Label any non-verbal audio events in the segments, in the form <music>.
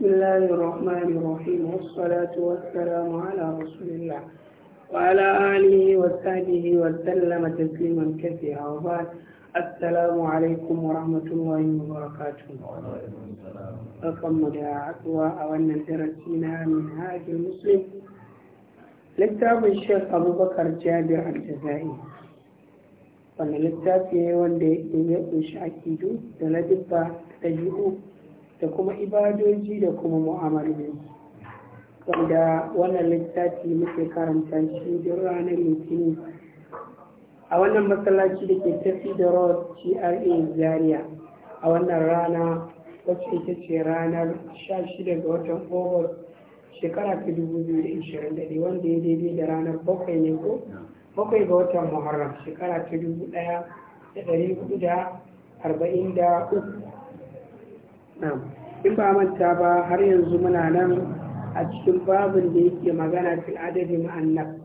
بسم الله الرحمن الرحيم والصلاة والسلام على رسول da haɗuwa a wannan darasi na littafin shek abubakar jabir al-jazai littafi ne wanda ya kunshi akidu da ladibba da da kuma ibadoji da kuma mu'amaloli wanda wannan littafi muke karanta shi da ranar litinin a wannan masallaci da ke tafi da road cra zaria a wannan rana wacce ita ce ranar 16 ga watan ogos shekara ta 2021 wanda ya daidai da ranar bakwai ne ko bakwai ga watan muharram shekara ta 1443 na'am in ba manta ba har yanzu muna nan a cikin babin da yake magana fil adadi mu'annab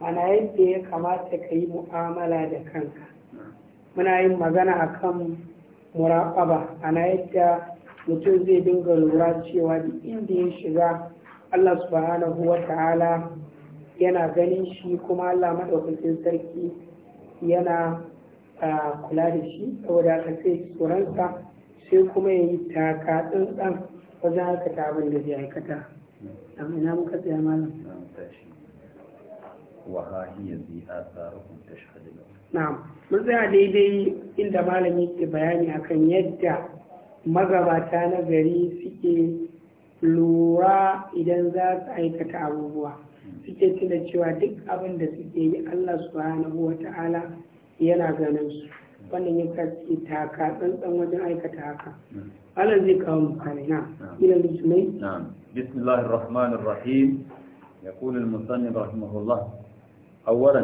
ana yadda ya kamata ka yi mu'amala da kanka muna yin magana a kan muraƙaba ana yadda mutum zai dinga lura cewa duk inda ya shiga Allah subhanahu wa ta'ala yana ganin shi kuma Allah maɗaukakin sarki yana ah, kula da shi saboda aka sai tsoronsa sai kuma ya yi taka tsantsan wajen aikata abin da zai aikata amma na muka tsaya malam na'am mun tsaya daidai inda malami ke bayani akan yadda magabata na gari suke lura idan za su aikata abubuwa suke tuna cewa duk abin da suke yi Allah subhanahu wa ta'ala yana ganin su wannan ya kace taka tsantsan wajen aikata haka Allah zai kawo mukamai na ila musulmai بسم الله الرحمن الرحيم يقول المصنف رحمه الله أولا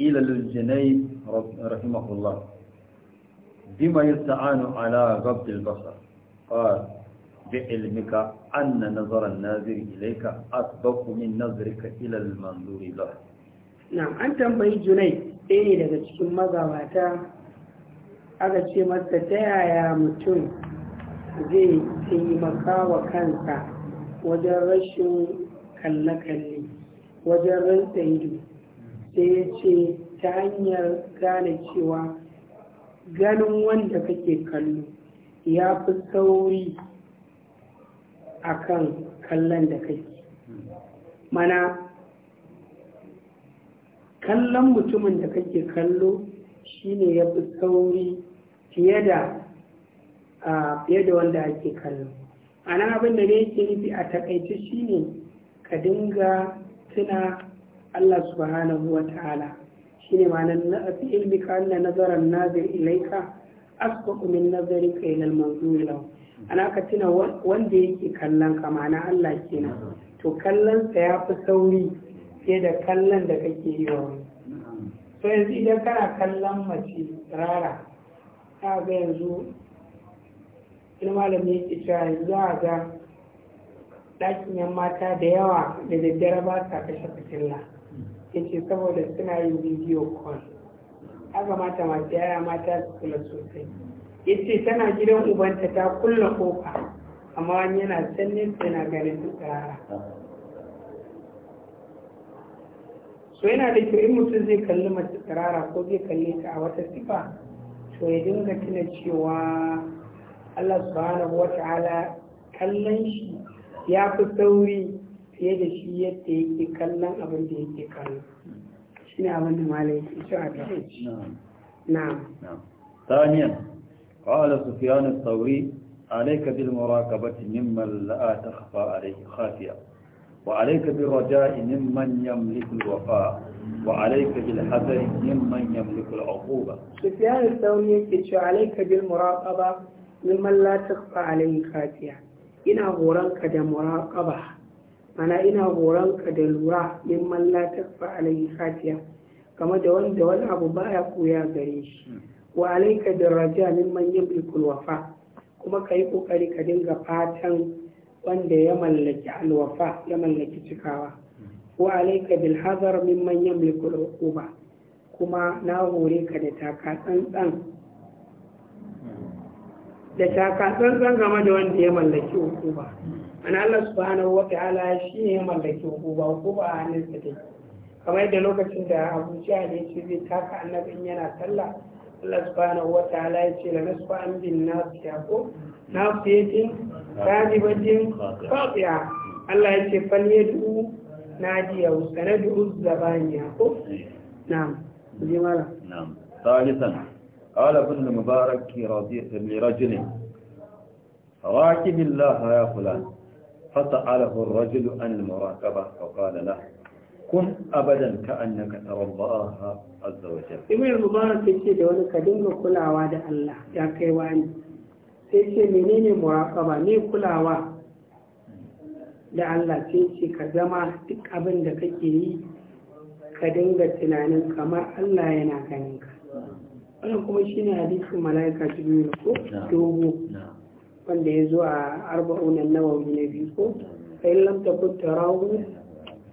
إلى للجني رحمه الله بما يستعان على غض البصر قال بعلمك أن نظر الناظر إليك أسبق من نظرك إلى المنظور له نعم أنت مبين جني ɗaya ne daga cikin mazawata aka ce masa ta yaya mutum zai taimaka wa kansa wajen rashin kalle-kalle wajen rantsa ido sai ya ce ta hanyar gane cewa ganin wanda kake kallo ya fi sauri akan kallon da kake mana kallon mutumin da kake kallo Shi ne ya fi sauri fiye da fiye da wanda ake kallo a nan abin da ne yake nufi a takaice shine ka dinga tuna Allah subhanahu wa ta'ala shine ma nan fi ka anna nazaran nazir ilaika asbaqu min nazarika ila al-manzur lahu ana ka tuna wanda yake kallon ka ma'ana Allah kenan to kallon sa ya fi sauri fiye da kallon da kake yi wa wani to yanzu idan kana kallon mace rara ta ga yanzu in malami yake cewa yanzu a ga ɗakin yan mata da yawa da daddare ba ta kashe fitilla ya ce saboda suna yin bidiyo call haka mata masu yaya mata su kula sosai ya ce tana gidan ubanta ta kulla kofa amma wani yana sannin yana ganin tsara so yana da kyau in mutum zai kalli mace tsirara ko zai kalli ta a wata sifa to ya dinga tuna cewa Allah subhanahu wata'ala kallon shi ya fi sauri fiye da shi yadda yake kallon abin da yake kallo shi ne abin da malai ke shi a tafi na ثانيا قال سفيان الثوري عليك بالمراقبة ممن لا تخفى عليه خافية وعليك بالرجاء ممن يملك الوفاء وعليك بالحذر ممن يملك العقوبة سفيان الثوري يكتش عليك بالمراقبة ممن لا تخفى عليه خافية ina horonka da muraƙaba mana ina horonka da lura mimman la takfa alayhi khatiya game da wanda wani abu baya koya gare shi wa alayka da raja mimman yamlikul wafa kuma kai ƙoƙari ka dinga fatan wanda ya mallaki alwafa ya mallaki cikawa wa alaika bil hadar mimman yamliku al-uquba kuma na hore ka da taka tsantsan da taka tsantsan game da wanda ya mallaki uquba ana Allah subhanahu wa ta'ala shi ne ya mallaki uquba uquba a hannunsa take kamar da lokacin da Abu Jahl ya ce zai taka annabin yana sallah Allah subhanahu wa ta'ala ya ce la nasfa'an bin nasiya ko nasiyatin kadibatin qati'a Allah ya ce fal yad'u nadiya sanadu zabaniya ko na'am ji mala na'am ثالثا قال ابن المبارك kula راكب الله يا فلان فسأله الرجل عن المراقبة فقال له kun abadan ka annaka tsaron azza wa jalla ibn mubarak ya da wani ka dinga kulawa da Allah ya kai wani sai ce menene muraqaba ne kulawa da Allah sai ce ka zama duk abin da kake yi ka dinga tunanin kamar Allah yana ganin ka wannan kuma shine hadisin malaika jibril ko dogo wanda ya zo a arba'un an-nawawi na biko ko fa in lam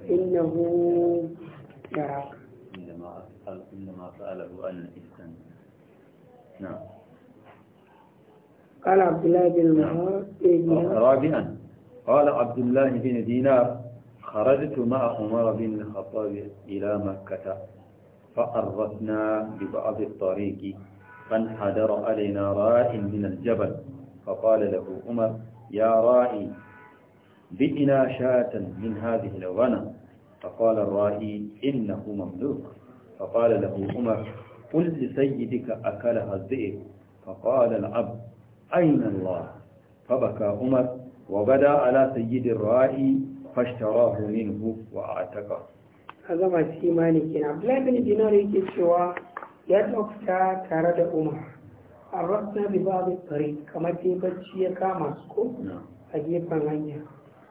إنه نعم إنما إنما سأله أن إسكن نعم قال عبد الله بن مهار نعم. رابعا قال عبد الله بن دينار خرجت مع عمر بن الخطاب إلى مكة فأرثنا ببعض الطريق فانحدر علينا راء من الجبل فقال له عمر يا رائي بئنا شاة من هذه الغنم فقال الراهي إنه مملوك فقال له عمر قل لسيدك أكلها الذئب فقال العبد أين الله فبكى عمر وبدا على سيد الراهي فاشتراه منه وأعتقه هذا ما سيماني كنا عبد الله بن دينار يجي سوا يدعوكتا تارد عمر عرفنا ببعض الطريق كما تيبتشي كامسكو أجيبا عنها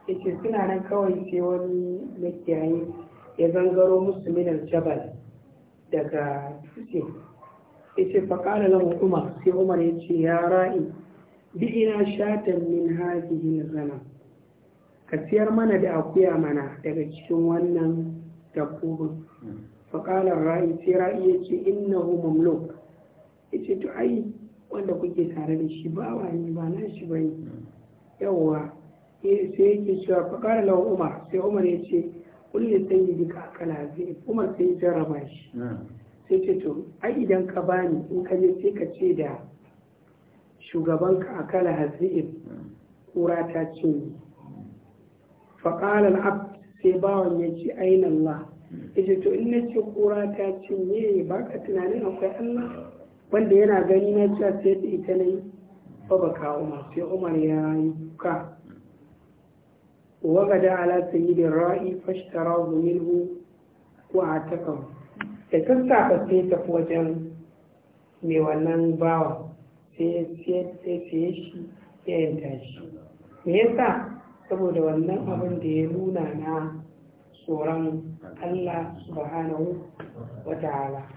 ce suna nan kawai sai wani makiyayi ya zangaro musu minar jabal daga dutse ya ce qala nan umar sai umar ya ce ya ra'i bi ina shatan min hadhihi zana ka siyar mana da akuya mana daga cikin wannan dabbobin faƙalar ra'i sai ra'i ya ce innahu mamluk ya ce to ai wanda kuke tare da shi ba wani ba na shi ba hmm. yau yawwa sai yake cewa fakara lawa umar sai umar ya ce kulle sai yi duka umar sai ya jarraba shi hmm. sai ce to ai idan ka bani in ka je sai ka ce da shugabanka akala hazi'in kura ta ce ni faƙalar ab sai bawan ya ce ainihin Allah hmm. ya to in na ce kura ta ce ne ba ka tunanin akwai Allah wanda yana gani na cewa sai da ita na yi ba ba ka umar sai umar ya yi kuka wagada ala سيد الرأي fashtara منه wa ataqam da sassafa sai tafi wajen mai wannan bawa sai sai shi ya me yasa saboda wannan abin da ya nuna na tsoron Allah subhanahu wa ta'ala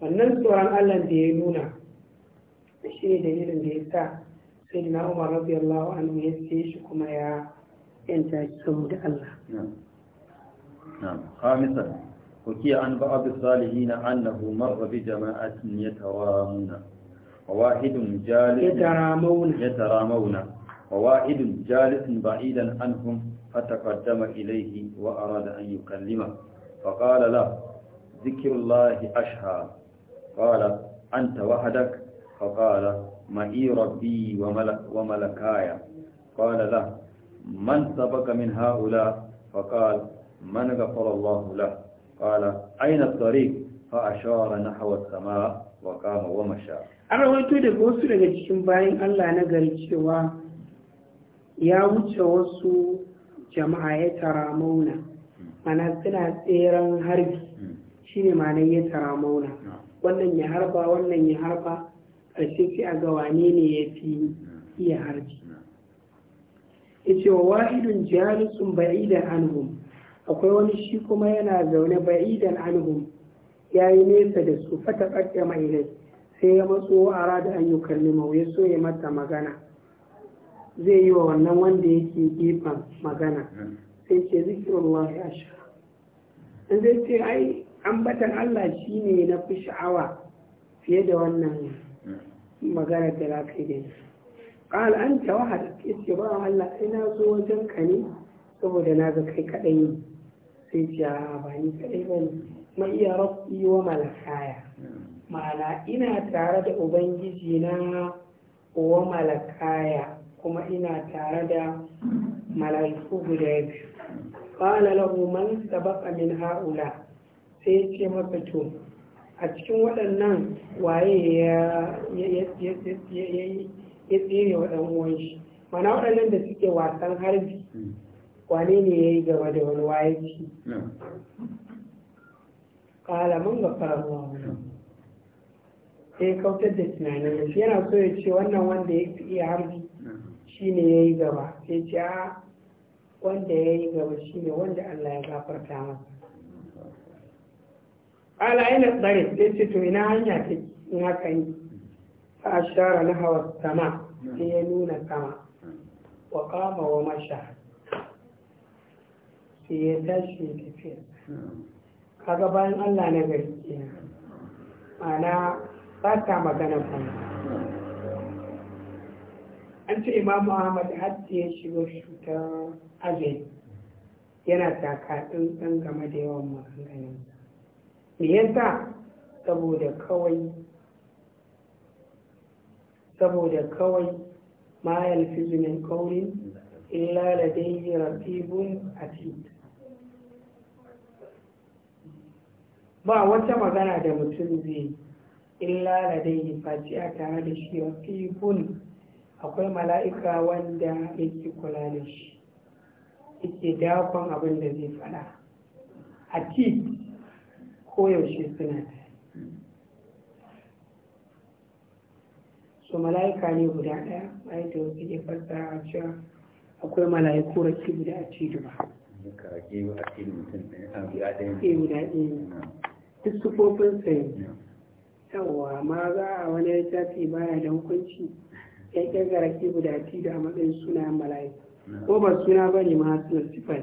wannan tsoron Allah da ya nuna shi ne dalilin da ya sa sai na Umar ya shi kuma ya yanta kanmu da Allah. Hamisar, ku kiya an ba abu salihi na annahu marrabi jama'atin ya tawamuna, wahidun jalisun ya taramauna, wahidun jalisun ba'idan anhum fataqaddama ilayhi wa arada an yukallima faqala la zikrullahi ashha qala anta wahdak faqala ma'i rabbi wa malakaya qala من سبق من هؤلاء فقال من غفر الله له قال أين الطريق فأشار نحو السماء وقام ومشى an rawaito daga wasu daga cikin bayan Allah na gari cewa ya wuce wasu jama'a ya tara mauna mana suna tseren harbi hmm. shine mana ya tara mauna hmm. wannan ya harba wannan ya harba ƙarshe sai a ga wane ne ya fi hmm. iya harbi yace wa wahidun jalisun ba'idan anhum akwai wani shi kuma yana zaune ba'idan anhum yayi nesa da su fata mai ne sai ya matso arada an yukallimahu ya so ya mata magana zai yi wa wannan wanda yake gefen magana sai ce ya sha in zai ce ai ambatan Allah shine na fi sha'awa fiye da wannan magana da lafiya قال أنت وحدك اتباع هلا إنا سوى جنكني saboda na ga kai kadai ne sai ce ba ni kadai ba ne ma iya rabbi wa malakaya ma'ana ina tare da ubangiji na wa malakaya kuma ina tare da mala'iku guda biyu qala lahu man sabaqa min haula sai ce masa a cikin waɗannan waye ya ya tsere wa ɗan uwan shi mana waɗannan da suke wasan harbi wane ne ya yi gaba da wani waye ci kalaman ga farawa sai kautar da tunanin shi yana so ya ce wannan wanda ya fi iya harbi shi ne ya yi gaba sai ce a wanda ya yi gaba shi ne wanda Allah ya gafarta masa ala ina tsare sai ce to ina hanya ta in haka yi ashara na hawa sama sai ya nuna sama wa kama wa masha sai ya tashi ya tafiya kaga bayan allah na gari kenan ma'ana ba ta magana sama an ce imamu ahmad hajji ya shiga cutar azai yana taka ɗin game da yawan maganganun me yasa saboda kawai saboda kawai ma kaurin min qawlin illa ladayhi raqibun atid ba wata magana da mutum zai illa ladayhi a tare da shi raqibun akwai mala'ika wanda yake kula da shi yake dakon abin da zai faɗa atid koyaushe suna da to mala'ika ne guda ɗaya bayan da wasu ke fassara a cewa akwai mala'iku rake guda a cikin ba duk sufofin sai yawa ma za a wani littafi ya da hukunci ya kirga da guda a da matsayin sunayen mala'iku ko ba suna ba ne ma su sifa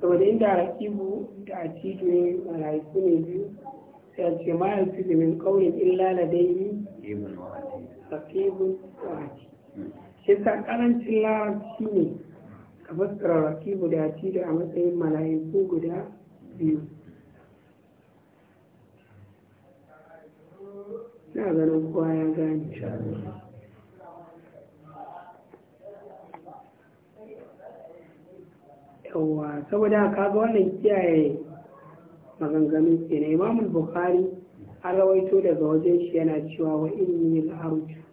saboda inda rakibu da a cikin ne mala'iku ne biyu sai a ce ma ya illa da daini rakibun tsaraki shi ta karancin larabci ne ka fassara rakibu da atidu a matsayin mala'iku guda biyu na ganin kowa ya gane yawwa saboda kaga wannan kiyaye maganganun ke na imamul bukari an rawaito daga wajen shi yana cewa wa inni al'arju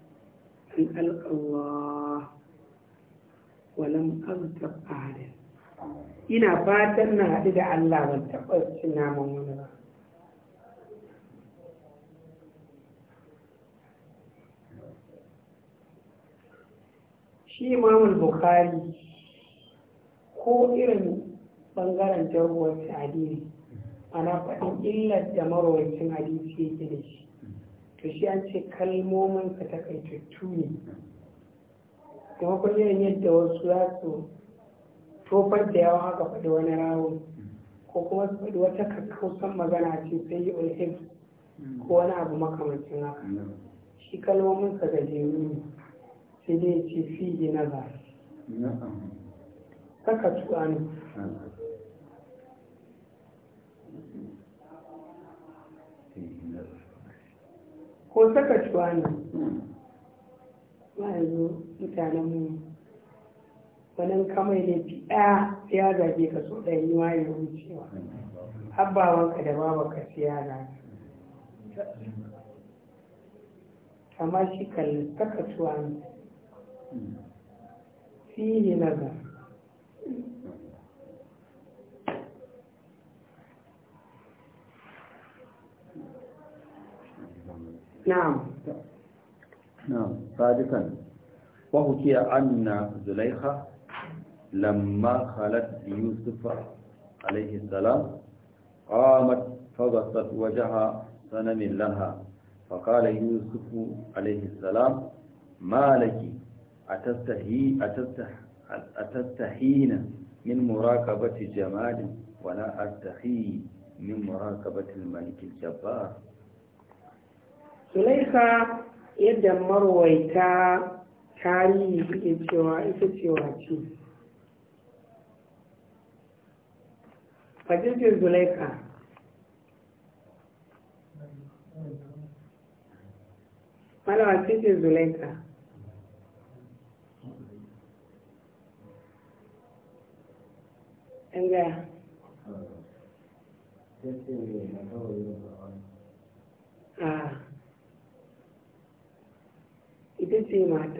an alƙallah lam aztab ahadan ina fatan na haɗu da Allah ban taɓa cin naman wani ba shi imamul bukhari ko irin ɓangaren jarhuwar tarihi ana faɗin illar da marawacin hadisi yake da shi to shi an ce kalmomin ka takaitattu ne kuma kun yadda wasu za su tofar da yawa haka faɗi wani rawo ko kuma su faɗi wata kakkausan magana ce sai yi ulhif ko wani abu makamancin haka shi kalmomin ka gajeru ne sai dai ce fi na ba saka tu'anu ko saka cuwa ne zo mutanen mu wani kamai ne fi ɗaya ya zage ka so ɗaya yi waye wucewa ka da babanka sai ya zage amma shi kallon saka cuwa ne nazar na'am na'am sadikan wa hukiya anna Zulaiha, lamma yusuf alayhi salam qamat faghassat wajha sanamin laha فقال يوسف عليه السلام ما لك أتستحي أتستح أتستحين من مراقبة جمال ولا من مراقبة الملك الجبار sulaika yadda marwaita tarihi suke cewa ita cewa ce fajirce zulaika malawa ce zulaika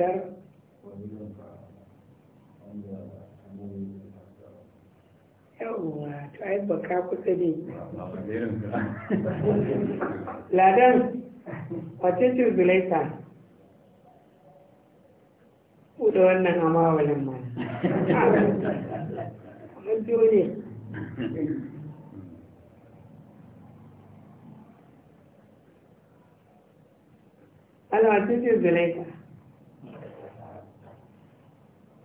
cutar yawwa to ai baka kusa ne ladan wace wannan amawalin ne wace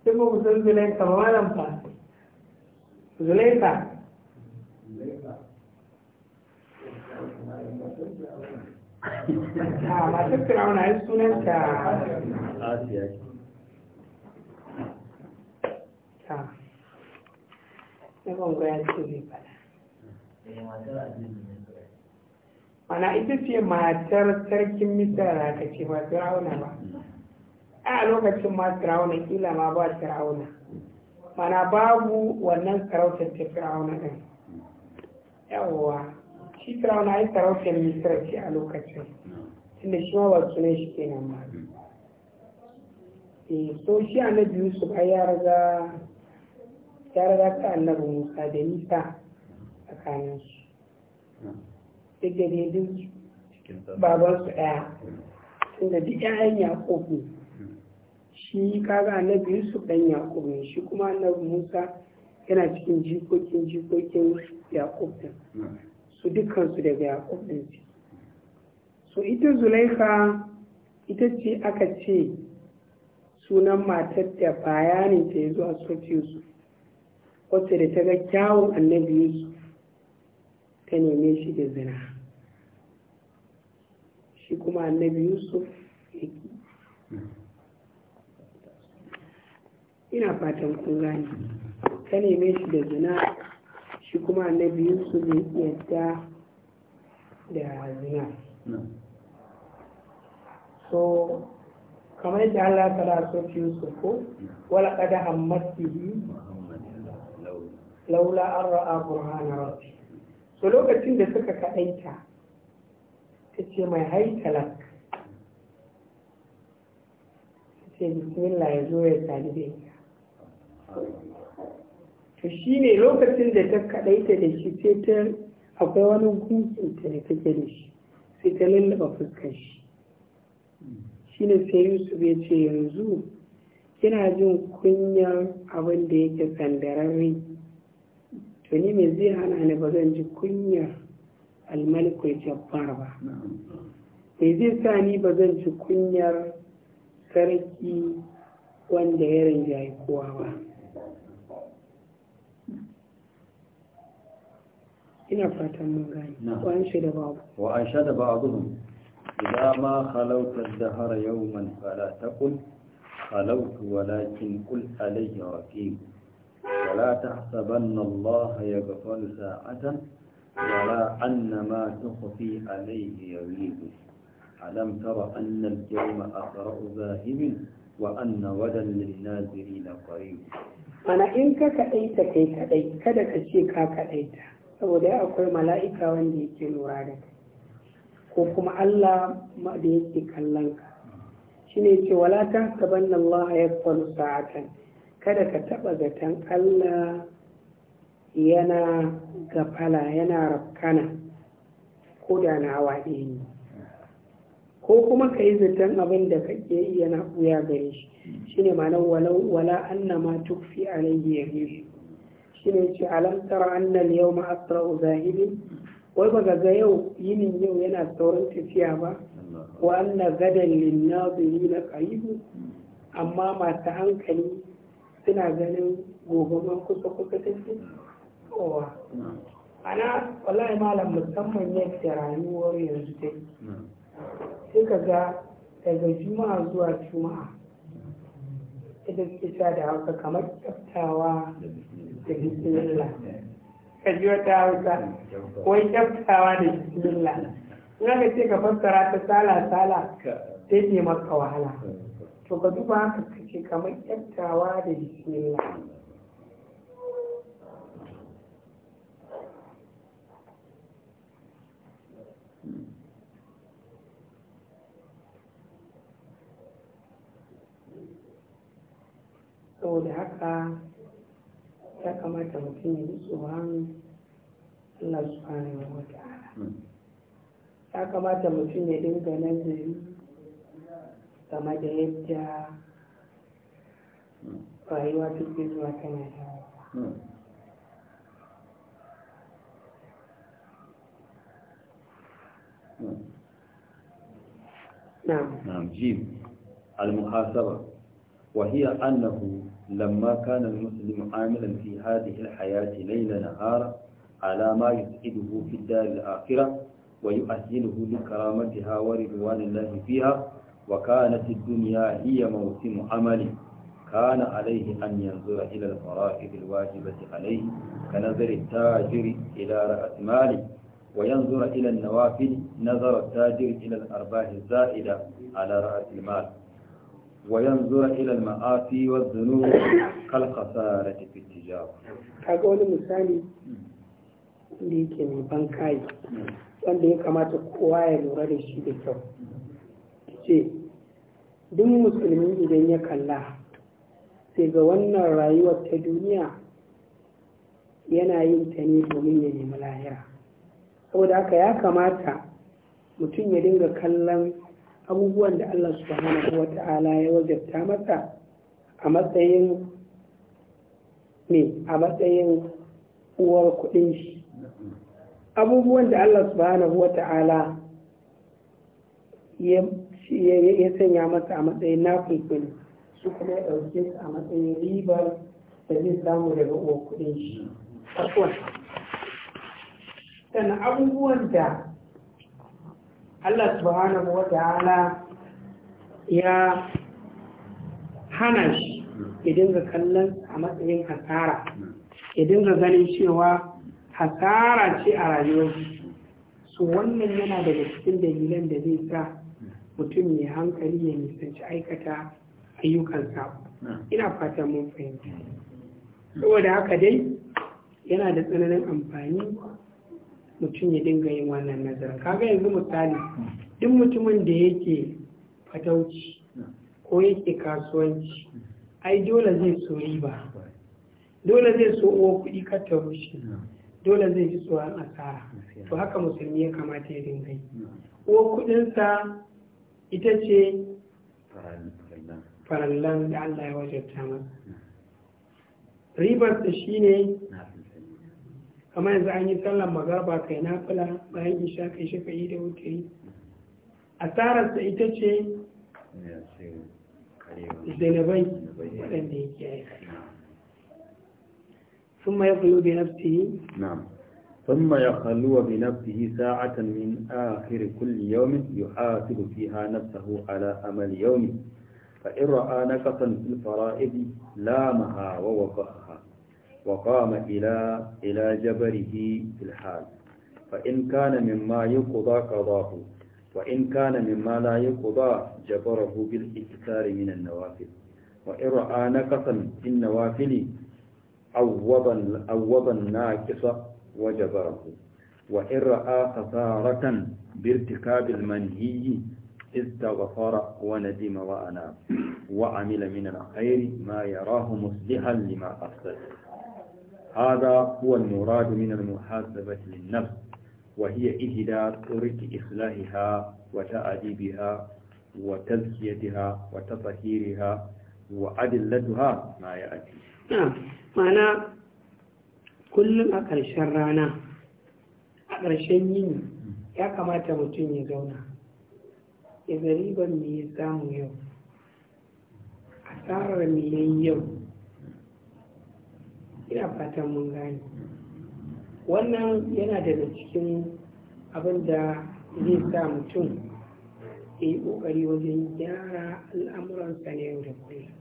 sai ko ku ba malam fa a ah, masu firawuna yi sunanta asiya mana eh, ita ce matar sarkin misra ka ce ba firawuna ba a lokacin ma firawuna kila ma ba firawuna mana babu wannan sarautar ta firawuna ɗin yawwa shi firawuna ai sarautar misir ce a lokacin tunda shi ma ba sunan shi kenan ba e so shi annabi yusuf ai ya raga ya raga ta annabi musa da nisa tsakanin su duk da ne duk babansu ɗaya tunda duk 'ya'yan yaƙofi shi kaga annabi yusuf dan yakub ne shi kuma annabi musa yana cikin jikokin jikokin yakub din su dukkansu daga yakub din ce so ita zulaika ita ce aka ce sunan matar da bayanin ta ya zuwa a sofi yusuf wacce da ta ga kyawun annabi yusuf ta neme shi da zina shi kuma annabi yusuf ya ina fatan kun gane ka neme shi da zina shi kuma biyu su ne yadda da zina so kamar yadda Allah ta da so Yusuf ko wala kada hammasi bi laula an ra'a burhana rabbi so lokacin da suka kaɗaita ta ce mai haikalak ta ce bismillah ya zo ya sadi da to shi ne lokacin da ta kaɗaita da shi sai ta akwai wani gunkin ta da take da shi sai ta lallaba fuskar shi shi ne sai yusuf ya ce yanzu kina jin kunyar abin da yake sandararre to ni mai zai hana ni ba zan ji kunyar almalikul jabbar ba mai zai sa ni ba zan ji kunyar sarki wanda ya rinjaye kowa ba ina fatan mun gani wa an shaida babu wa an shaida ba'dhum idza ma khalawta ad yawman fala taqul خلوت ولكن قل علي ركيب ولا تحسبن الله يغفل ساعة ولا أن ما تخفي عليه يغيب ألم تر أن اليوم أقرأ ذاهب وأن ودا للناظرين قريب أنا إنك كأيت كأيت أي كدك شيكا كأيت saboda akwai mala'ika wanda yake lura da kai ko kuma Allah da yake kallon ka shine ce wala ta nan Allah ya kwanu sa'atan kada ka taɓa zaton Allah yana gafala yana rafkana ko da na hawa ne ko kuma ka yi zaton abin da kake yi yana ɓuya gare shi shine ma'anar wala annama tukfi alayhi yahibu shine ce alam tara anna al-yawma asra'u zahibin wai baga ga yau yinin yau yana sauran tafiya ba wa anna gadan lin na qarib amma masu hankali suna ganin gobe ma kusa kusa take kowa ana wallahi malam musamman yadda rayuwar yanzu yi sai ka ga daga juma'a zuwa juma'a ita suke da haka kamar tsaftawa da ka ji wata hausa kyaftawa da bismillah in ka ce ka fassara ta sala sala sai ke maka wahala to ka duba haka kace kamar kyaftawa da bismillah saboda haka ya kamata mutum ya ji tsoron Allah subhanahu wa ta'ala hmm. ya kamata mutum ya dinga nazari game da yadda hmm. rayuwa take zuwa tana dawowa نعم نعم جيم المحاسبة وهي أنه لما كان المسلم عاملا في هذه الحياة ليل نهار على ما يسعده في الدار الآخرة ويؤهله لكرامتها ورضوان الله فيها وكانت الدنيا هي موسم عمله كان عليه أن ينظر إلى الفرائض الواجبة عليه كنظر التاجر إلى رأس ماله وينظر إلى النوافل نظر التاجر إلى الأرباح الزائدة على رأس المال وينظر إلى المآسي والذنوب كالخسارة في التجارة كقول مثالي da yake mai bankayi wanda ya kamata kowa ya lura da shi da kyau ce duk musulmi idan ya kalla sai ga wannan rayuwar ta duniya yana yin ta ne domin ya nemi lahira saboda haka ya kamata mutum ya dinga kallon abubuwan da Allah subhanahu wa ta'ala ya wajabta masa a matsayin ne a matsayin uwar kuɗin shi abubuwan da Allah subhanahu wa ta'ala ya sanya masa a matsayin nafulfuli su kuma ya ɗauke su a matsayin ribar da zai samu daga uwar kuɗin shi sannan abubuwan da Allah subhanahu wa ta'ala ya hana shi idin ga kallon a matsayin hasara idin dinga ganin cewa hasara ce a rayuwar su wannan yana daga cikin dalilan da zai sa mutum ya hankali ya nisanci aikata ayyukan ina fatan mun fahimta saboda haka dai yana da tsananin amfani mutum ya dinga yin wannan nazarin kaga yanzu misali duk mutumin da yake fatauci ko yake kasuwanci ai dole zai so riba dole zai so uwa kuɗi ta rushe dole zai ji tsoron asara to haka musulmi ya kamata ya dinga yi uwa kuɗinsa ita ce farallan da Allah ya wajarta masa ribar ta shine kamar yanzu an yi sallar magarba kai na fula bayan isha kai shafa'i da wuturi asararsa ita ce zanabai waɗanda yake aiki ثم يخلو بنفسه نعم ثم يخلو بنفسه ساعة من آخر كل يوم يحاسب فيها نفسه على أمل يومه فإن رأى نقصا في الفرائض لامها ووقعها وقام إلى إلى جبره في الحال فإن كان مما يقضى قضاه وإن كان مما لا يقضى جبره بالإكثار من النوافل وإن رأى نقصا في النوافل عوض عوض الناقص وجبره وإن رأى خسارة بارتكاب المنهي استغفر وندم وأناب وعمل من الخير ما يراه مصلحا لما أفسد هذا هو المراد من المحاسبة للنفس وهي إهدى طريق إصلاحها وتأديبها وتزكيتها وتطهيرها وعدلتها ما يأتي نعم معنى كل أكرشن رانا أكرشن يني يا كما تمتين يزونا إذا ريبا ميزام يوم أسار ميزام يوم ina fatan mun gane wannan yana daga cikin abin da zai sa mutum ya yi ƙoƙari wajen gyara al'amuransa na yau da kullum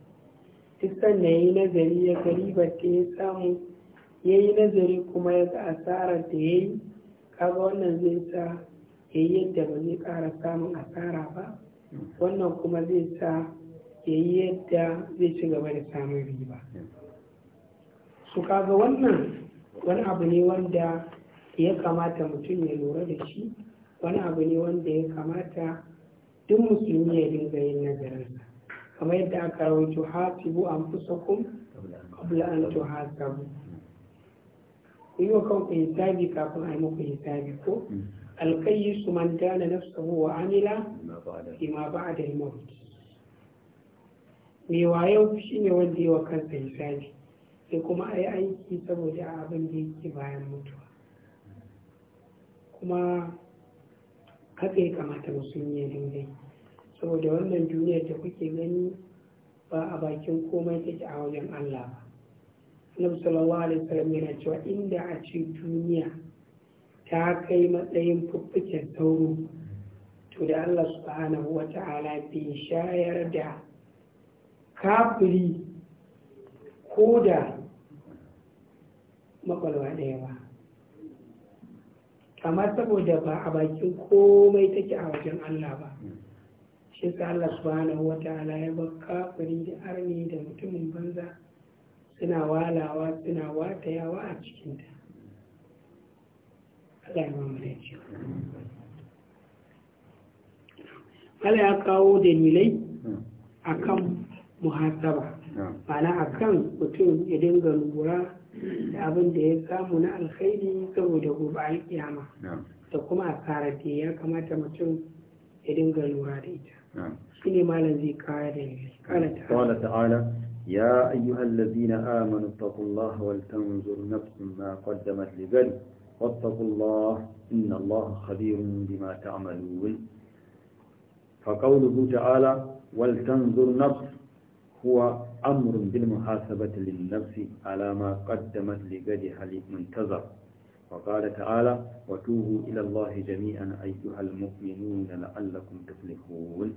duk sanda ya yi nazari ya gari ba ta ya samu ya yi nazari kuma ya ga asarar da ya yi kaga wannan zai sa ya yi yadda ba zai ƙara samun asara ba wannan kuma zai sa ya yi yadda zai ci gaba da samun riba su ga wannan wani abu ne wanda ya kamata mutum ya lura da shi wani abu ne wanda ya kamata duk musulmi ya dinga yin nazarinsa kamar yadda aka rawaito hasibu an fusakum qabla an tuhasabu ku yi wa kanku hisabi kafin a yi muku hisabi ko mm. su man dana nafsahu wa amila bima ba'da al-maut mai wayo ne wanda ya wa kansa hisabi sai kuma a yi aiki saboda abin da yake bayan mutuwa kuma haka ya kamata musulmi ya dinga saboda wannan duniyar da kuke gani ba a bakin komai take a wajen Allah ba annabi sallallahu alaihi wasallam yana cewa inda a ce duniya ta kai matsayin fuffuken sauro to da Allah subhanahu wa ta'ala bai shayar da kafiri ko da makwalwa da yawa amma saboda ba a bakin komai take a wajen Allah ba shi sa Allah subhanahu wata'ala ya bar kafirin da arni da mutumin banza suna walawa suna watayawa a cikinta Allah ya mamare da ci Allah ya kawo dalilai akan muhasaba a akan mutum ya dinga lura da abin da ya samu na alkhairi saboda gobe alkiyama da kuma asarar da ya kamata mutum ya dinga lura da ita shine malam zai kawo da kala ta'ala يا أيها الذين آمنوا اتقوا الله ولتنظر نفس ما قدمت لغد واتقوا الله إن الله خبير بما تعملون فقوله تعالى ولتنظر نفس هو أمر بالمحاسبة للنفس على ما قدمت لجدها المنتظر وقال تعالى وتوبوا إلى الله جميعا أيها المؤمنون لعلكم تفلحون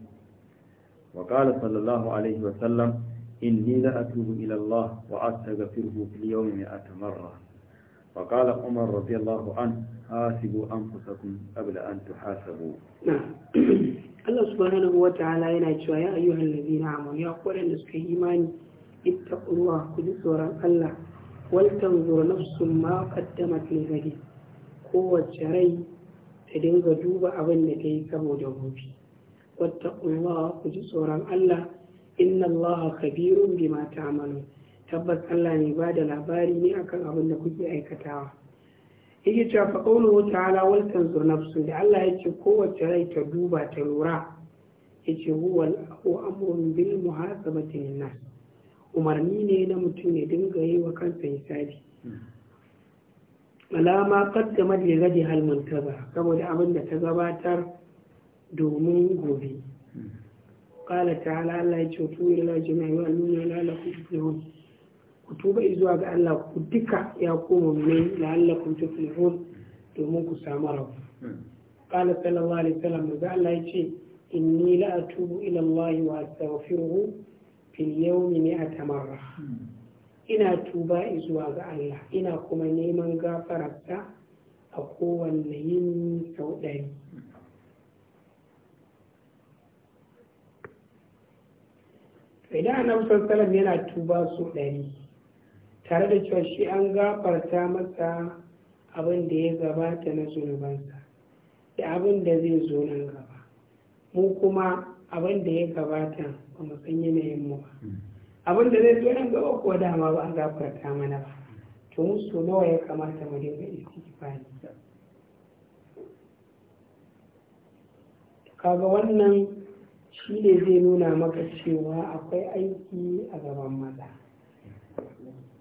وقال صلى الله عليه وسلم إني لأتوب إلى الله وأستغفره في اليوم مئة مرة وقال عمر رضي الله عنه حاسبوا أنفسكم قبل أن تحاسبوا Allah subhanahu wa ta'ala yana cewa ya ayyuhal ladina amanu ya da suka yi imani ittaqullaha ku ji tsoron Allah wal tanzur nafsun ma qaddamat li ghadin kowace rai ta dinga duba abin da ta yi saboda gobe wattaqullaha ku ji tsoron Allah inna Allah khabirun bima ta'malun tabbas Allah ne ba da labari ne akan abin da kuke aikatawa yake cewa fa qawluhu ta'ala wal tanzur nafsun da Allah yake kowace rai ta duba ta lura yake huwa wa amrun bil muhasabati lin umarni ne na mutum ya dinga yi wa kansa hisabi alama qaddama li gadi hal muntaba saboda abin da ta gabatar domin gobe قال تعالى لا يجوتوا إلى جميع المؤمنين لا lakum تفلحون ku tuba zuwa ga Allah ku duka ya koma mai la'allakum tuflihun domin ku samu rabu qala sallallahu alaihi wasallam da Allah ya ce inni la atubu ila Allah wa astaghfiruhu fil yawmi mi'ata marra ina tuba zuwa ga Allah ina kuma neman gafararsa a kowanne yin sau ɗari idan annabi sallallahu yana tuba su ɗari tare da cewa shi an gafarta masa abin da ya gabata na zunubansa da abin da zai zo nan gaba mu kuma abin da ya gabata ba mu san yanayin mu ba hmm. abin da zai zo nan gaba ko dama ba a gafarta mana ba to mu so nawa ya kamata mu dinga istighfari kaga wannan shi ne zai nuna maka cewa akwai aiki a gaban maza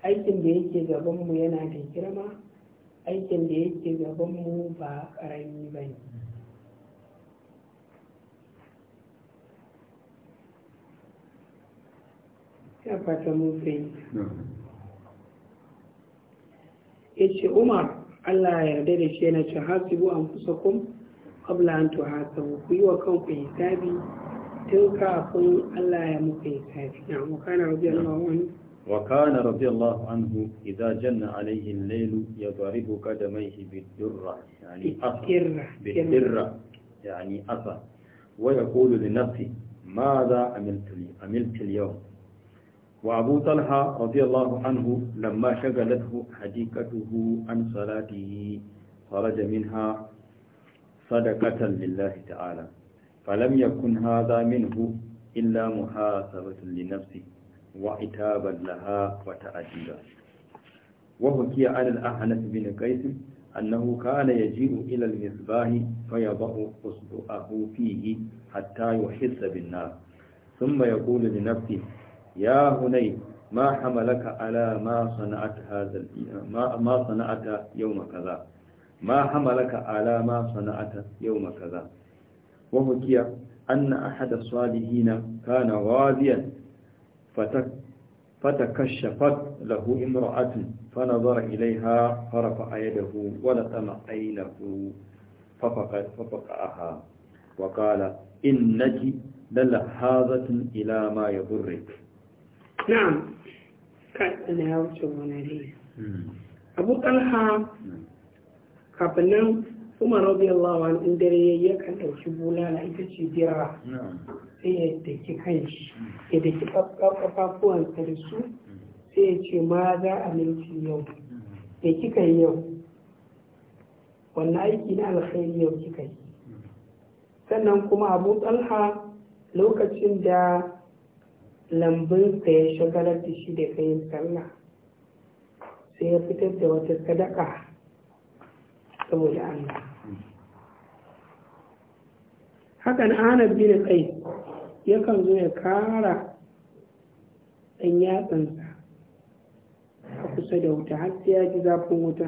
aikin da yake gabanmu yana da girma aikin da yake gabanmu ba ƙarami ba ne ya fata ya ce umar allah ya yarda da shi yana ce bu an kusa kun abla an mu ku yi wa kanku hisabi tun kafin allah ya muka hisabi na mukana rabbi allah wani وكان رضي الله عنه إذا جن عليه الليل يضرب قدميه بالدرة يعني أثر بالدرة يعني أثر ويقول لنفسه ماذا عملت عملت اليوم وأبو طلحة رضي الله عنه لما شغلته حديقته عن صلاته خرج منها صدقة لله تعالى فلم يكن هذا منه إلا محاسبة لنفسه wa ita ballaha wata ajiya ba? kiya adal a hannun bin gaisu annahu kana ya ji in ilal misbahi faya bahu kusbu a hufihi hatta yi wa hissa bin na sun mai kulu da nafi ya hunai ma hamalaka ala yau ma hamalaka ala ma sana'ata yau kana waziyan فتكشفت له امرأة فنظر إليها فرفع يده ولطم عينه ففقعها وقال إنك للحاظة إلى ما يضرك نعم كأن هاوتو وناليه أبو طلحة قبل umar radiyallahu anhu in dare yayi kan dauki bulala ita ce dirra sai ya daki shi ya daki da su sai ya ce ma za a minti yau ya kika yau wannan aiki na alkhairi yau kika yi sannan kuma abu talha lokacin da lambunsa ya shagalar da shi da kayan sallah sai ya fitar da wata sadaka saboda Allah hakan ana bin kai yakan zo ya kara ɗan yatsansa a kusa da wuta har sai ya ji zafin wuta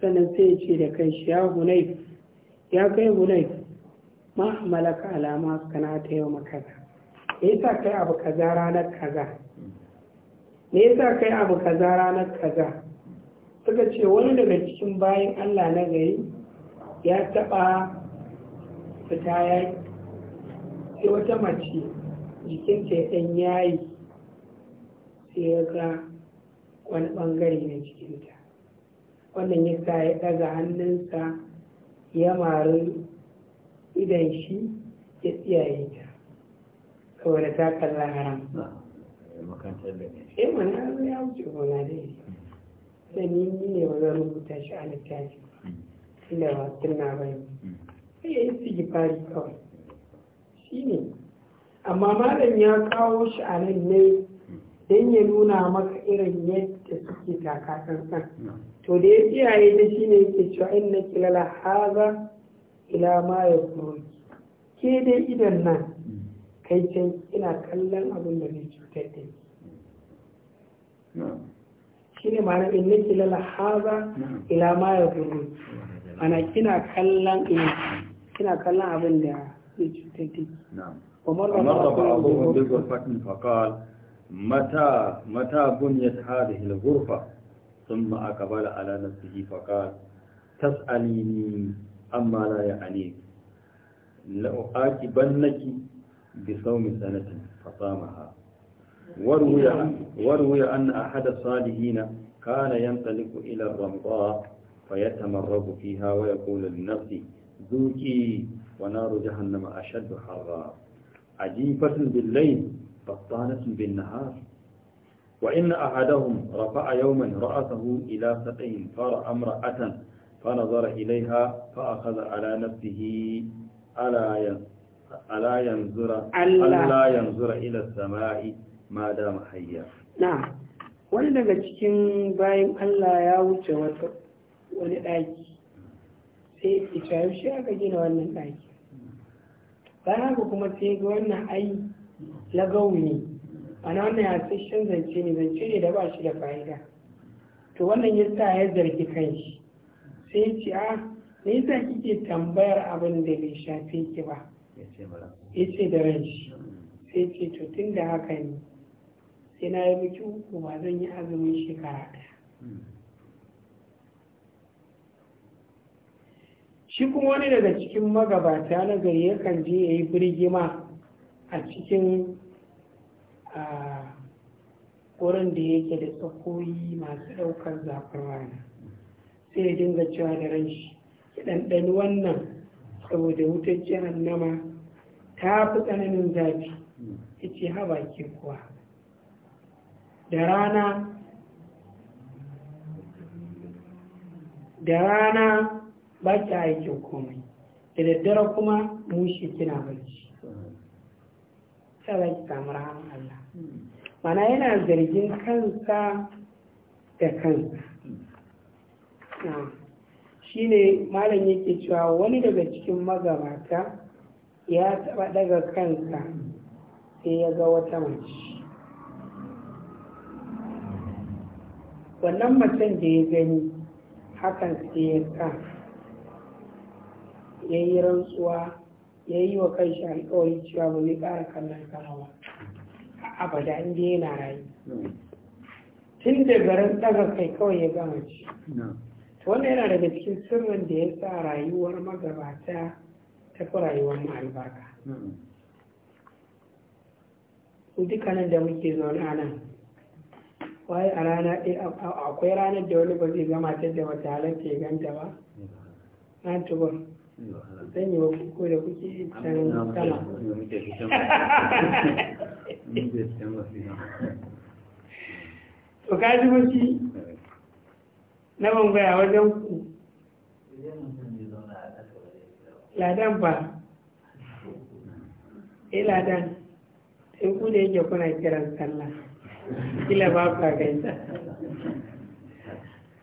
sannan sai ya ce da kai shi ya hunai ya kai hunai ma malaka alama kana ta yau makaza me yasa kai abu kaza ranar kaza me yasa kai abu kaza ranar kaza suka ce wani daga cikin bayan allah na gari ya taɓa fita ya sai wata mace jikinta ya ɗan yayi sai ya ga wani ɓangare na jikinta wannan ya sa ya ɗaga hannunsa ya mari idan shi ya tsiyaye ta saboda ta kalla haram. ya eh, eh, mana ya wuce gona daidai. sai ne ba zan rubuta shi a littafi hmm. ina ba tunna ba ne hmm. sai ya yi fari kawai shi ne amma malam ya kawo shi a nan ne don ya nuna maka irin yadda suke takatsantsan hmm. to da ya da shi ne yake cewa in na kilala haza ila ma ya ke dai idan nan kai can ina kallon abin da zai cutar da ni shine ma'ana in nake lala haza ila ma ya gudu ana kina kallan ina kina kallan abin da ya cutar da ke kuma da ba a gurbin bigor fatin fakal mata mata gun ya ta da hilgurfa sun ma aka bala ala na suhi fakal tas'ali ni amma la ya ale la'u'aki ban bannaki bi sau mi sanatin fasamaha وروي وروي أن أحد الصالحين كان ينطلق إلى الرمضاء فيتمرغ فيها ويقول للنفس ذوقي ونار جهنم أشد حرا عجيبة بالليل بطانة بالنهار وإن أحدهم رفع يوما رأسه إلى سقيه فرأى امرأة فنظر إليها فأخذ على نفسه ألا ألا ينظر ألا ينظر إلى السماء ma da mahayya na wani daga cikin bayan allah ya wuce wani ɗaki sai ita shi aka gina wannan ɗaki bayan haka kuma sai ga wannan ai lagau ne ana wannan shan zance ne zance ne da ba shi da fa'ida to wannan ya sa ya zargi shi, sai ce a ne yasa kike tambayar abin da bai shafe ki ba ya ce da ranshi sai ce to tun da haka ne sai na yi miki uku ba zan yi azumin shekara ɗaya shi kuma wani daga cikin magabata na gari yakan je ya yi birgima a cikin wurin da yake da tsakoyi masu ɗaukar zafin rana sai ya dinga cewa da ran shi ya ɗanɗani wannan saboda wutar nama ta fi tsananin zafi ya ce haba ke kuwa da rana da rana ba ki aikin komai da daddare kuma mushi kina barci sai za ki Allah mana yana zargin kansa da kansa shi ne malam yake cewa wani daga cikin magabata ya taɓa daga kansa sai ya ga wata mace wannan mutum da ya gani hakan sai ya sa ya yi rantsuwa ya yi wa kanshi alkawari cewa ba zai ƙara kallon a abada inda yana rayu tun da garin ɗaga kai kawai ya gama ci to wannan yana daga cikin sirrin da ya sa rayuwar magabata ta fi rayuwar mu albarka dukkanin da muke zaune a nan wai a rana eh, akwai ranar da wani ba zai gama ta da wata halatta ya ganta ba na tuba zan yi wa kuku da kuke can sama <laughs> to ji mutu na bangaya wajen ku ladan ba eh ladan sai ku da yake kuna kiran sallah kila ba ka ta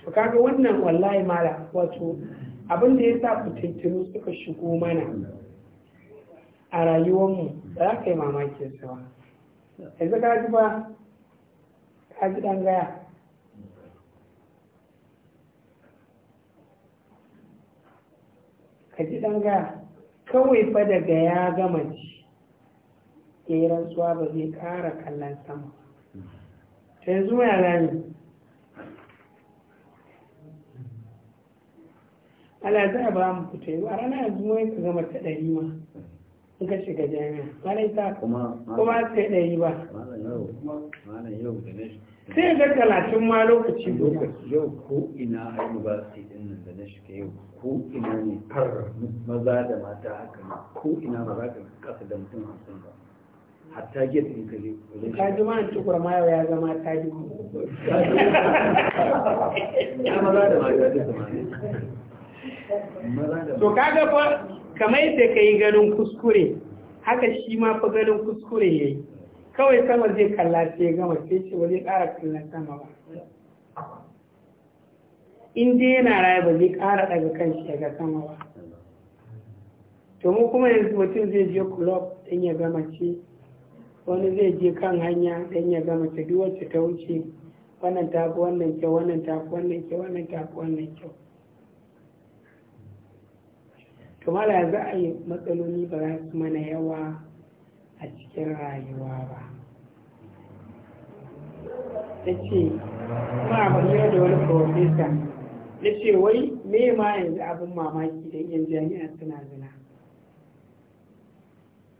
to kaga wannan wallahi mala wato abin da ya sa fitattunu suka shigo mana a mu ba za ka yi mamakin sa ba yanzu ka ji ba ka ji dan gaya ka ji dan gaya kawai fa daga ya gama ci ya yi rantsuwa ba zai kara kallon sama yanzu ya rami ala za a ba mu fito yi a rana yanzu mai ka gama ta ɗari ma in ka shiga jami'a malai ta kuma ta ɗari ba sai ga talatin ma lokaci lokaci yau ko ina a yi ba su din nan da na shiga yau ko ina ne kar maza da mata haka ko ina ba za ka kasa da mutum hamsin ba hatta get in ka je ka ji ma tukur ma ya zama ta ji ya maza da mata ma to kaga fa kamar yadda ka yi ganin kuskure haka shi ma fa ganin kuskure yayi kawai sama zai kalla sai gama sai ce wani zai ƙara kallon sama ba in dai yana raya ba zai ƙara daga kanshi daga sama ba to mu kuma yanzu mutum zai je club din ya gama ce wani zai je kan hanya don ya gama ta duk wacce ta wuce wannan ta fi wannan kyau wannan ta fi wannan kyau wannan ta fi wannan kyau to mala za a yi matsaloli ba za su mana yawa a cikin rayuwa ba ta ce ma huliyar da wani profesa na ce wai me ma yanzu abin mamaki da yan jami'a suna zina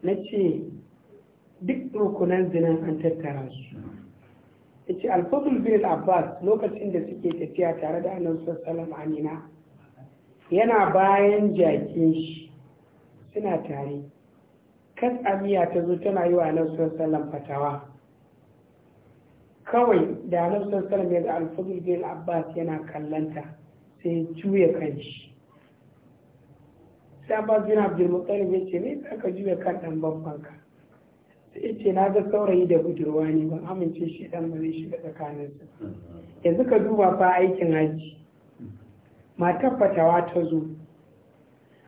na ce duk rukunan zinan an tattara su yace al bin abbas lokacin da suke tafiya tare da annabi a Amina. yana bayan jakin shi suna tare kan amiya ta zo tana yi wa annan sassalam fatawa kawai da annan sassalam ya ga bin abbas yana kallanta sai juya shi sai abbas bin abdul muttalib ya ce me ka juya kan ɗan babban sai ce na ga saurayi da budurwa ne ban amince shi dan ba zai shiga tsakaninsu yanzu ka duba fa aikin haji matar fatawa ta zo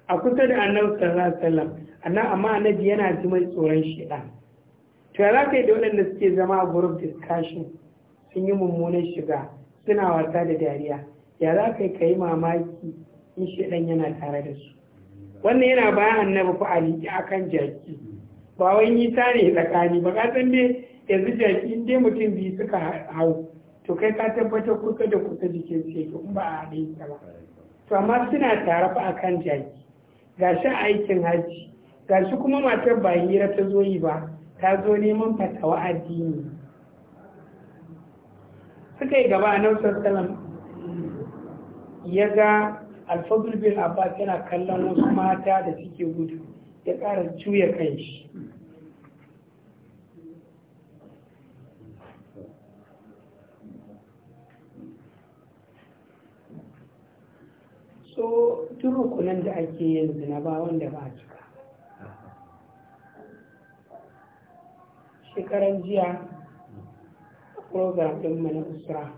a kusa da annabi sallallahu alaihi wasallam annan amma annabi yana ji mai tsoron dan to ya za ka yi da waɗanda suke zama a group discussion sun yi mummunan shiga suna wasa da dariya ya za ka yi ka yi mamaki in shedan yana tare da su wannan yana bayan annabi fa a kan jaki ba wai yi ne tsakani ba ka san dai yanzu in dai mutum biyu suka hau to kai ka tabbatar kusa da kusa jikin su yake ba a haɗe ba to amma suna tare fa akan jaki gashi a aikin hajji gashi kuma matar ba hira ta zo yi ba ta zo neman fatawa addini suka yi gaba a nan salam ya ga alfadul bin abbas yana kallon wasu mata da suke gudu ya ƙara juya kan shi so duk rukunan da ake yin na ba wanda ba a cika shekaran jiya program ɗin mana usra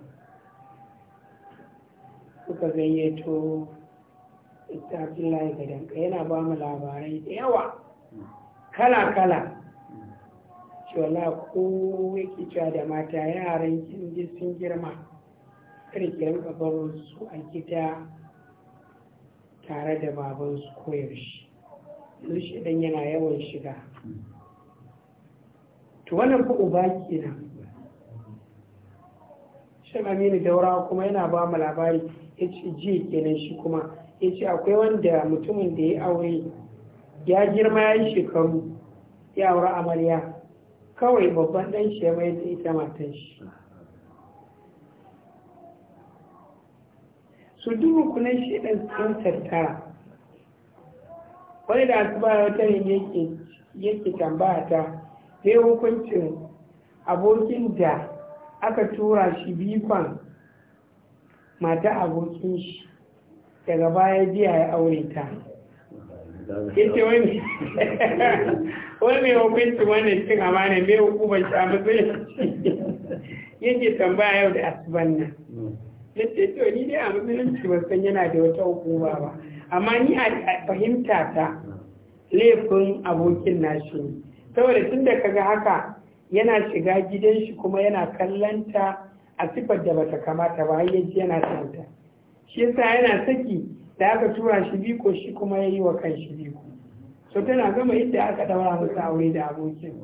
suka gayyato ita abdullahi gadanka yana ba mu labarai da yawa kala-kala cewa ko yake cewa da mata yaran kin sun girma kada ki kafarun su a gida tare da babansu koyaushe yanzu shi dan yana yawan shiga to wannan fa uba kenan shan aminu daura kuma yana ba mu labari ya ce ji kenan shi kuma ya ce akwai wanda mutumin da ya aure ya girma ya yi shekaru ya aure amarya kawai babban ɗan shi ya mai da ita matan shi su duk rukunan shaidan sun tattara wani da asuba wata yake tambaya ta hukuncin abokin da aka tura shi bikon mata abokin shi daga baya jiya ya aure ta yace wani wani mai hukuncin wannan cin amana mai hukumar shi a matsayin yake tambaya yau da asuban nan na ce to ni dai a musulunci ba san yana da wata hukuma ba amma ni a fahimta ta laifin abokin nashi saboda tun da kaga haka yana shiga gidan shi kuma yana kallanta a sifar da bata kamata ba hayyaci yana santa shi yasa yana saki da aka tura shi biko shi kuma ya yi wa kan shi biko so tana gama yadda aka daura musu aure da abokin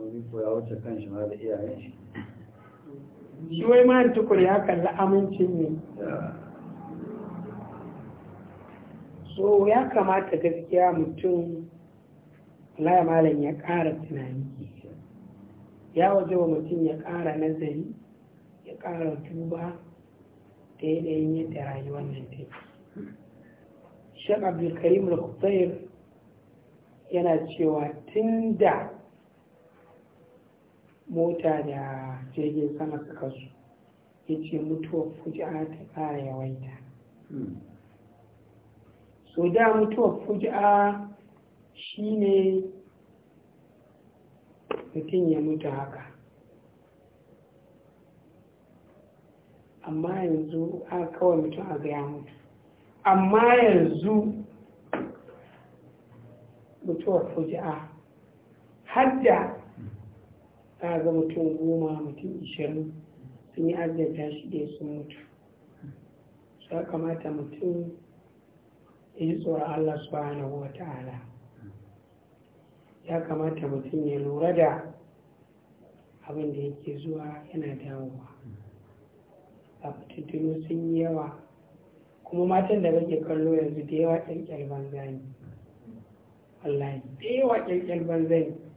shi wai ma tukur ya kalli amincin ne so ya kamata gaskiya mutum laya malam ya ƙara tunani ya waje wa mutum ya ƙara nazari ya ƙara duba da yanayin yadda rayuwar nan ta shek abdulkarim al yana cewa tun da mota da jirgin sama suka su ya ce mutuwar fuji'a ta ƙara yawaita hmm. so da mutuwar fuji'a shine mutum ya mutu haka amma yanzu a kawai mutum a gaya mutu amma yanzu mutuwar fuji'a hadda a ga mutum goma mutum ishirin sun yi arzata shi da sun mutu su ya kamata mutum ya yi tsoron allah subhanahu wa ta'ala ya kamata mutum ya lura da abin da yake zuwa yana dawowa a fitattunu sun yi yawa kuma matan da kake kallo yanzu da yawa ƙyalƙyal banzani wallahi da yawa ƙyalƙyal banzani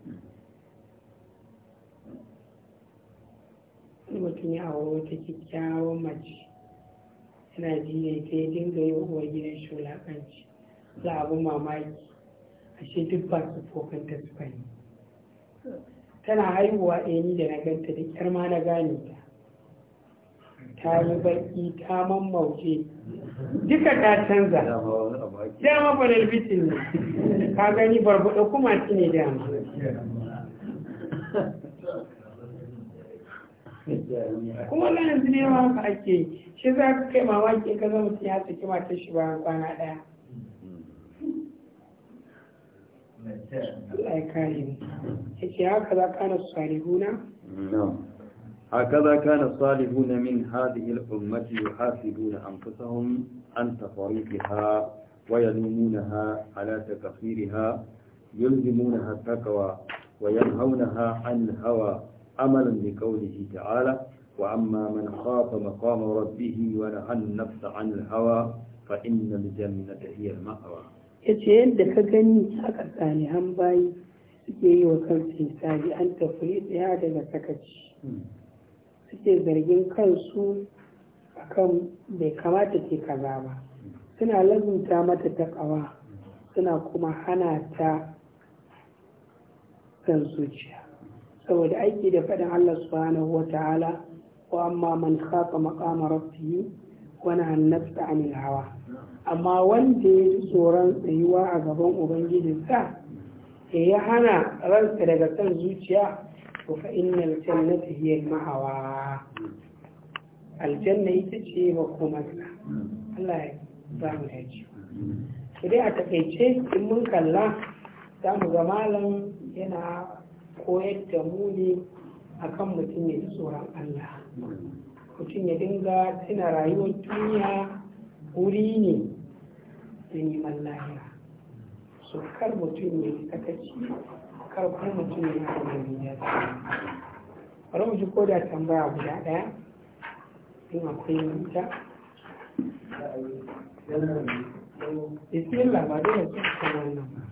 mutum ya auri wata kyakkyawan mace yana ji ne ta yi dinga yi uwar gidan shi wulaƙanci za abin mamaki ashe duk ba su fokan ta suka ne tana haihuwa ɗaya ni da na ganta da ƙyar ma na gane ta ta yi baƙi ta mammauce duka ta canza dama ba da ne ka gani barbaɗa kuma ne dama kuma nan ne ma haka ake shi za ka kai mamaki ka zama mutum ya saki matar shi bayan kwana ɗaya Allah ya kare ni yake haka za kana salihuna هكذا كان الصالحون من هذه الأمة يحاسبون أنفسهم عن تفريطها ويلومونها على تكفيرها يلزمونها التقوى وينهونها عن الهوى عملا لقوله تعالى وأما من خاف مقام ربه ونهى النفس عن الهوى فإن الجنة هي المأوى yace yadda ka gani haka tsanihan bayi suke yi wa kansu misali an tafi tsaya daga sakaci hmm. suke zargin kansu akan bai kamata ke kaza ba suna lazumta mata takawa suna kuma hana ta kan zuciya saboda aiki da faɗin Allah subhanahu wa ta'ala ko amma man khafa maqama rabbih wa nahannafta anil hawa amma wanda ya ji tsoron tsayuwa a gaban ubangijinsa ya hana ransa daga kan zuciya to fa innal jannata hiya al aljanna ita ce makomarsa Allah ya ba mu dace to dai a takaice in mun kalla za ga malam yana koyar da mu ne kan mutum ya tsoron Allah mutum ya dinga tuna rayuwar duniya wuri ne da neman lahira so kar mutum ya ta takaci kar kuma mutum ya yi ya bari mu ji ko da tambaya guda ɗaya in akwai mita bismillah ba dole wannan ba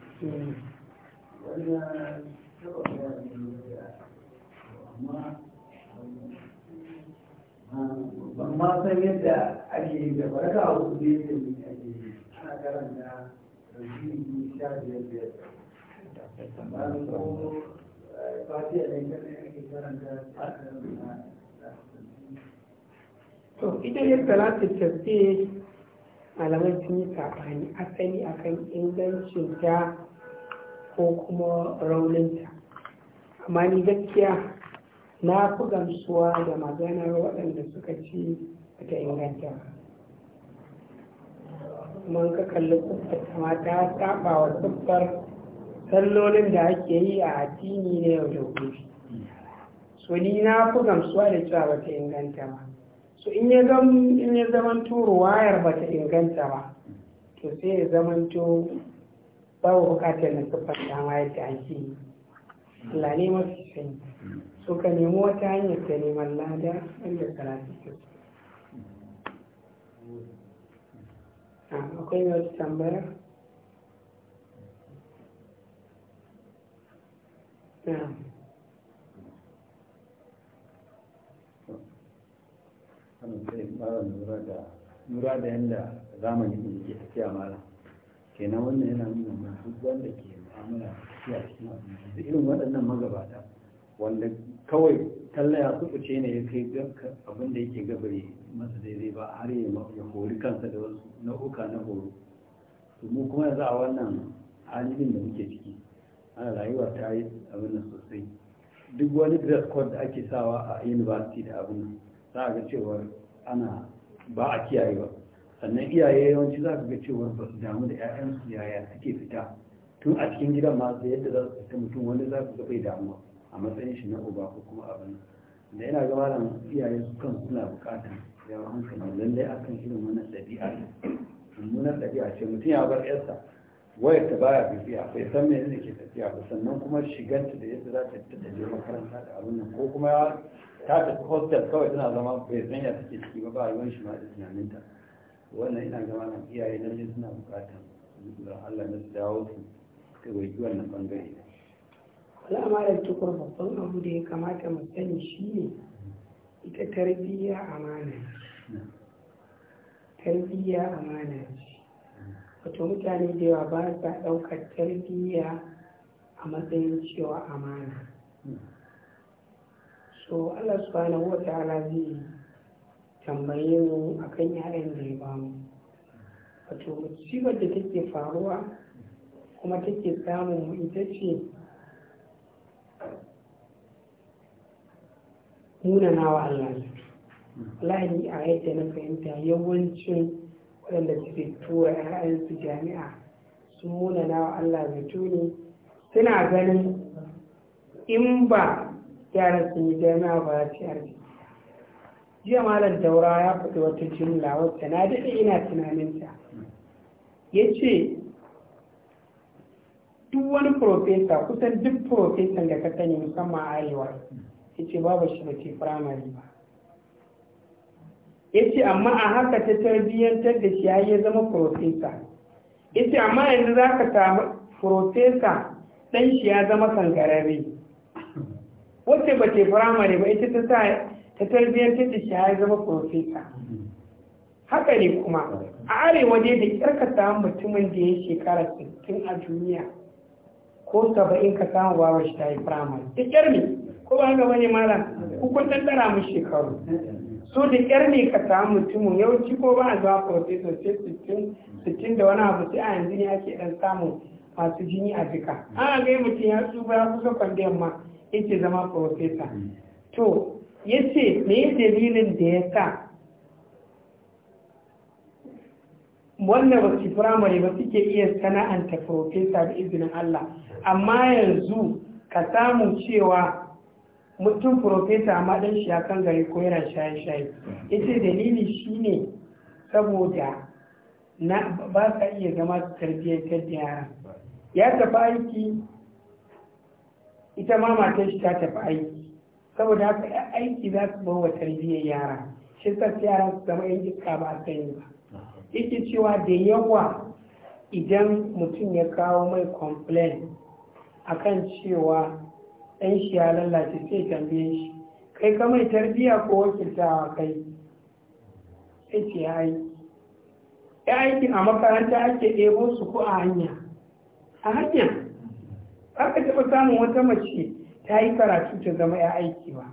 ban ma san yadda ake yi da baraka a hudu ne da ne ake yi ana karanta rajin sha biyar biyar ba ko fatiya da ita ne ake karanta to ita yin salatu tafi malamai sun yi sabani asali akan ingancin ta ko kuma rauninta amma ni gaskiya na fi gamsuwa da maganar waɗanda suka ci ta inganta man ka kalli ta mata saba wa tsuffar sallolin da ake yi a addini na yau da gobe so ni na fi gamsuwa da cewa ba ta inganta ba so in ya zaman to wayar ba ta inganta ba to sai ya zamanto babu bukatar na da ma yadda ake yi Allah ne mafi sani so ka nemi wata hanyar ta neman lada inda karatu ke ah, akwai wata tambaya Nura da yadda zamani ne ke tafiya mara. kenan wannan yana nuna mana duk wanda ke mu'amala da a cikin abinci irin waɗannan magabata wanda kawai talla ya kuɓuce ne ya kai abin da yake gabari masa daidai ba har ya hori kansa da wasu nau'uka na horo to mu kuma yanzu a wannan halin da muke ciki ana rayuwa ta yi abin nan sosai duk wani dress code da ake sawa a university da abin nan za a ga cewa ana ba a kiyaye ba. sannan iyaye yawanci za ka ga cewar ba su damu da 'ya'yansu yaya suke fita tun a cikin gidan ma da yadda za su fita mutum wanda za ku ga bai damuwa a matsayin shi na uba ko kuma abin da yana gama da iyaye su kan suna bukatar yawa hankali lallai kan irin wannan ɗabi'a mummunar ɗabi'a ce mutum ya bar 'yarsa wayar ta baya bibiya bai san me ne ke tafiya ba sannan kuma shiganta da yadda za ta fita da je makaranta da abin nan ko kuma ta tafi hostel kawai tana zama bai san ya take ciki ba ba shi ma da tunaninta wannan ina zama na iyaye nan suna bukatan zuwa Allah na dawo su kai wai wannan bangare al'ama da tukur babban abu da ya kamata mu sani shi ne ita tarbiyya amana tarbiyya amana ce wato mutane da yawa ba sa ɗaukar tarbiyya a matsayin cewa amana so Allah subhanahu wa ta'ala zai tambaye mu kan 'ya'yan da ya bamu wato musibar da take faruwa kuma take samun mu ita ce munanawa Allah ne wallahi a yadda na fahimta yawancin waɗanda suke tura su jami'a sun munanawa Allah zato ne suna ganin in ba yaran sun yi jami'a ba a su jiya malam daura ya faɗi wata jimla wacce na daɗe ina tunaninta ya ce duk wani profesa kusan duk profesan da ka sani musamman arewa ya ce babu shi da ke firamare ba ya ce amma a haka ta tarbiyyantar da shi ya zama profesa ya ce amma yanzu za ka samu profesa ɗan shi ya zama kankararre wacce ba ke firamare ba ita ta sa ta tarbiyyar da shi ya zama profesa haka ne kuma a arewa dai da kyar ka samu mutumin da ya shekara 60 a duniya ko saba'in ka samu babar shi ta yi firamare da kyar ne ko ba ga wani mara kukun tattara mu shekaru so da kyar ne ka samu mutumin yauci ko ba a zuwa professor sai sittin da wani abu sai a yanzu ne ake dan samun masu jini a jika an ga mutum ya tsuba ya kusa kwandiyar ma yake zama profesa to ya ce me dalilin da ya sa wannan ba su firamare ba suke iya sana'anta profesa da izinin Allah amma yanzu ka samu cewa mutum profesa amma ɗan shi kan gari ko yana shaye-shaye ce dalili ne saboda na ba sa iya zama su tarbiyyantar da yara ya tafi aiki ita ma matar shi ta tafi aiki saboda haka ya aiki za su bawa tarbiyyar yara shi sa yara su zama yan iska ba a ba yake cewa da yawa idan mutum ya kawo mai complain akan cewa ɗan shi ya lalace sai tambaye shi kai ka mai tarbiyya ko wakiltawa kai sai ce ya aiki ya aiki, a makaranta ake ɗebo su ko a hanya a hanya aka taɓa samun wata mace ta yi karatu ta zama ya aiki ba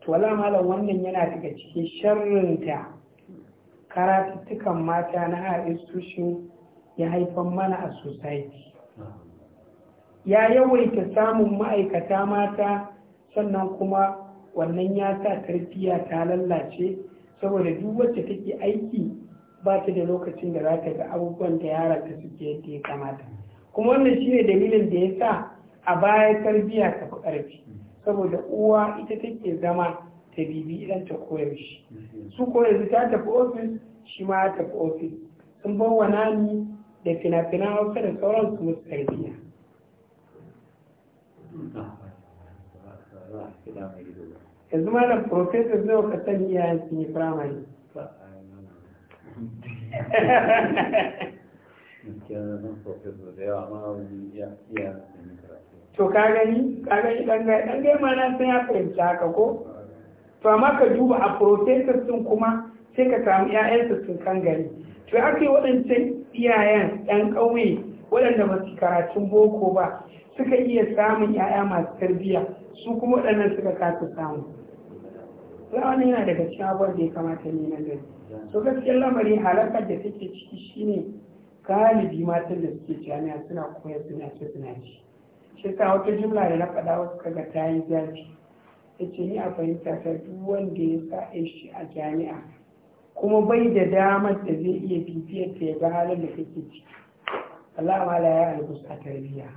to wala malam wannan yana daga cikin sharrinta karatuttukan mata na a institution ya haifan mana a society ya yawaita samun ma'aikata mata sannan kuma wannan ya sa tarbiyya ta lallace saboda duk wacce take aiki ba ta da lokacin da za ta ga abubuwan da yara ta suke yadda ya kamata kuma wannan shine dalilin da ya sa a baya tarbiyya ta fi ƙarfi saboda uwa ita take zama ta bibi idan ta koyar shi su koyar ta tafi ofis shi ma ya tafi ofis sun bawa nani da fina-finan wasu, da sauran su musu tarbiyya yanzu ma na profesor zai ka sani iyayen sun yi firamare profesor to ka gani ka gani dan gai dan gai ma na san ya fahimci haka ko to amma ka duba a processors sun kuma sai ka samu su sun kan gari to akai yi waɗancan iyayen ɗan ƙauye waɗanda ba su karatun boko ba suka iya samun ‘ya'ya masu tarbiyya su kuma waɗannan suka kasa samu wani yana daga cikin abubuwan da ya kamata ne na gari so gaskiyar lamari halakar da take ciki shine galibi matan da suke jami'a suna koyar suna ce suna ci shi sa wata jumla da na faɗa wasu kaga ta yi zafi ta ce ni a fahimta ta duk wanda ya sa shi a jami'a kuma bai da damar da zai iya bibiyar ta ya ga halin da take ciki Allah ma la ya a tarbiyya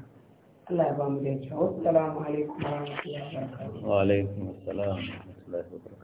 Allah ya ba mu da kyau salamu alaikum wa rahmatullahi wa barakatuh wa alaikum assalam wa rahmatullahi wa barakatuh